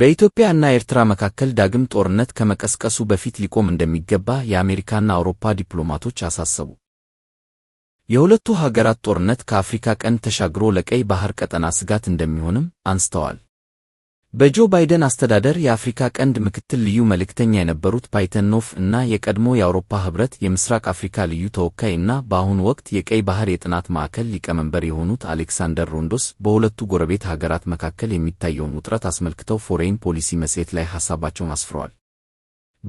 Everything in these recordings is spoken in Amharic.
በኢትዮጵያና ኤርትራ መካከል ዳግም ጦርነት ከመቀስቀሱ በፊት ሊቆም እንደሚገባ የአሜሪካና አውሮፓ ዲፕሎማቶች አሳሰቡ። የሁለቱ ሀገራት ጦርነት ከአፍሪካ ቀንድ ተሻግሮ ለቀይ ባህር ቀጠና ስጋት እንደሚሆንም አንስተዋል። በጆ ባይደን አስተዳደር የአፍሪካ ቀንድ ምክትል ልዩ መልእክተኛ የነበሩት ኖፍ እና የቀድሞ የአውሮፓ ህብረት የምስራቅ አፍሪካ ልዩ ተወካይ እና በአሁኑ ወቅት የቀይ ባህር የጥናት ማዕከል ሊቀመንበር የሆኑት አሌክሳንደር ሮንዶስ በሁለቱ ጎረቤት ሀገራት መካከል የሚታየውን ውጥረት አስመልክተው ፎሬን ፖሊሲ መጽሔት ላይ ሐሳባቸውን አስፍረዋል።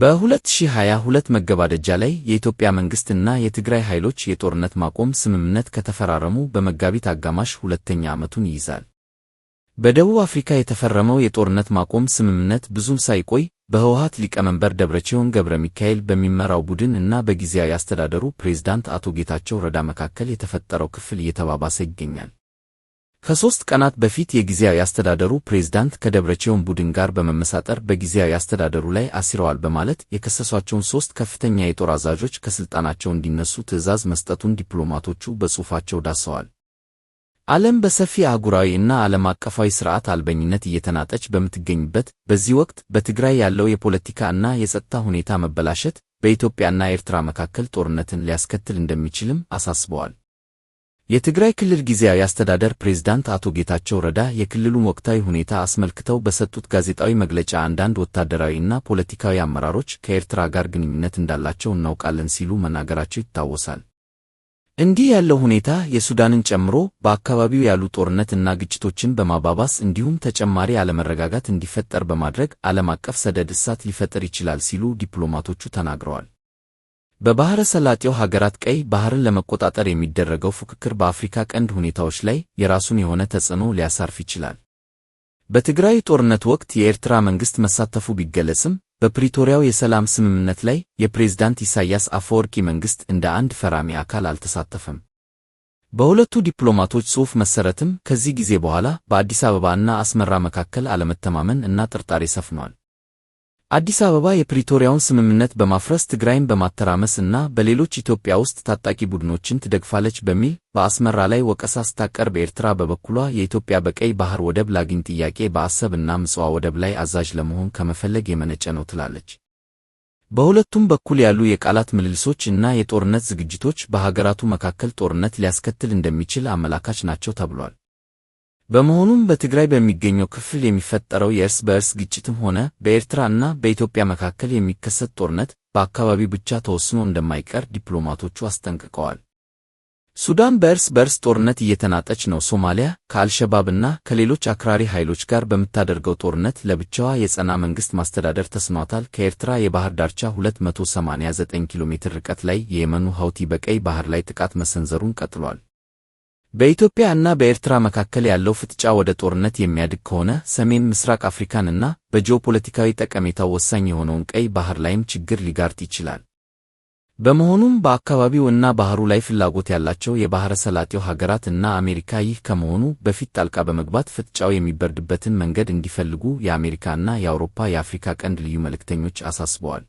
በ2022 መገባደጃ ላይ የኢትዮጵያ መንግሥት እና የትግራይ ኃይሎች የጦርነት ማቆም ስምምነት ከተፈራረሙ በመጋቢት አጋማሽ ሁለተኛ ዓመቱን ይይዛል። በደቡብ አፍሪካ የተፈረመው የጦርነት ማቆም ስምምነት ብዙም ሳይቆይ በህወሓት ሊቀመንበር ደብረጽዮን ገብረ ሚካኤል በሚመራው ቡድን እና በጊዜያዊ አስተዳደሩ ፕሬዝዳንት አቶ ጌታቸው ረዳ መካከል የተፈጠረው ክፍል እየተባባሰ ይገኛል። ከሦስት ቀናት በፊት የጊዜያዊ አስተዳደሩ ፕሬዝዳንት ከደብረጽዮን ቡድን ጋር በመመሳጠር በጊዜያዊ አስተዳደሩ ላይ አሲረዋል በማለት የከሰሷቸውን ሦስት ከፍተኛ የጦር አዛዦች ከሥልጣናቸው እንዲነሱ ትዕዛዝ መስጠቱን ዲፕሎማቶቹ በጽሑፋቸው ዳሰዋል። ዓለም በሰፊ አህጉራዊ እና ዓለም አቀፋዊ ሥርዓት አልበኝነት እየተናጠች በምትገኝበት በዚህ ወቅት በትግራይ ያለው የፖለቲካ እና የጸጥታ ሁኔታ መበላሸት በኢትዮጵያና ኤርትራ መካከል ጦርነትን ሊያስከትል እንደሚችልም አሳስበዋል። የትግራይ ክልል ጊዜያዊ አስተዳደር ፕሬዝዳንት አቶ ጌታቸው ረዳ የክልሉን ወቅታዊ ሁኔታ አስመልክተው በሰጡት ጋዜጣዊ መግለጫ አንዳንድ ወታደራዊ እና ፖለቲካዊ አመራሮች ከኤርትራ ጋር ግንኙነት እንዳላቸው እናውቃለን ሲሉ መናገራቸው ይታወሳል። እንዲህ ያለው ሁኔታ የሱዳንን ጨምሮ በአካባቢው ያሉ ጦርነት እና ግጭቶችን በማባባስ እንዲሁም ተጨማሪ አለመረጋጋት እንዲፈጠር በማድረግ ዓለም አቀፍ ሰደድ እሳት ሊፈጠር ይችላል ሲሉ ዲፕሎማቶቹ ተናግረዋል። በባሕረ ሰላጤው ሀገራት ቀይ ባሕርን ለመቆጣጠር የሚደረገው ፉክክር በአፍሪካ ቀንድ ሁኔታዎች ላይ የራሱን የሆነ ተጽዕኖ ሊያሳርፍ ይችላል። በትግራይ ጦርነት ወቅት የኤርትራ መንግሥት መሳተፉ ቢገለጽም በፕሪቶሪያው የሰላም ስምምነት ላይ የፕሬዝዳንት ኢሳያስ አፈወርቂ መንግሥት እንደ አንድ ፈራሚ አካል አልተሳተፈም። በሁለቱ ዲፕሎማቶች ጽሑፍ መሠረትም ከዚህ ጊዜ በኋላ በአዲስ አበባና አስመራ መካከል አለመተማመን እና ጥርጣሬ ሰፍኗል። አዲስ አበባ የፕሪቶሪያውን ስምምነት በማፍረስ ትግራይን በማተራመስ እና በሌሎች ኢትዮጵያ ውስጥ ታጣቂ ቡድኖችን ትደግፋለች በሚል በአስመራ ላይ ወቀሳ ስታቀርብ ኤርትራ በበኩሏ የኢትዮጵያ በቀይ ባህር ወደብ ላግኝ ጥያቄ በአሰብ እና ምጽዋ ወደብ ላይ አዛዥ ለመሆን ከመፈለግ የመነጨ ነው ትላለች። በሁለቱም በኩል ያሉ የቃላት ምልልሶች እና የጦርነት ዝግጅቶች በሀገራቱ መካከል ጦርነት ሊያስከትል እንደሚችል አመላካች ናቸው ተብሏል። በመሆኑም በትግራይ በሚገኘው ክፍል የሚፈጠረው የእርስ በእርስ ግጭትም ሆነ በኤርትራ እና በኢትዮጵያ መካከል የሚከሰት ጦርነት በአካባቢው ብቻ ተወስኖ እንደማይቀር ዲፕሎማቶቹ አስጠንቅቀዋል። ሱዳን በእርስ በእርስ ጦርነት እየተናጠች ነው። ሶማሊያ ከአልሸባብና ከሌሎች አክራሪ ኃይሎች ጋር በምታደርገው ጦርነት ለብቻዋ የጸና መንግሥት ማስተዳደር ተስኗታል። ከኤርትራ የባህር ዳርቻ 289 ኪሎ ሜትር ርቀት ላይ የየመኑ ሐውቲ በቀይ ባህር ላይ ጥቃት መሰንዘሩን ቀጥሏል። በኢትዮጵያ እና በኤርትራ መካከል ያለው ፍጥጫ ወደ ጦርነት የሚያድግ ከሆነ ሰሜን ምስራቅ አፍሪካን እና በጂኦፖለቲካዊ ጠቀሜታው ወሳኝ የሆነውን ቀይ ባህር ላይም ችግር ሊጋርጥ ይችላል። በመሆኑም በአካባቢው እና ባህሩ ላይ ፍላጎት ያላቸው የባህረ ሰላጤው ሀገራት እና አሜሪካ ይህ ከመሆኑ በፊት ጣልቃ በመግባት ፍጥጫው የሚበርድበትን መንገድ እንዲፈልጉ የአሜሪካና የአውሮፓ የአፍሪካ ቀንድ ልዩ መልእክተኞች አሳስበዋል።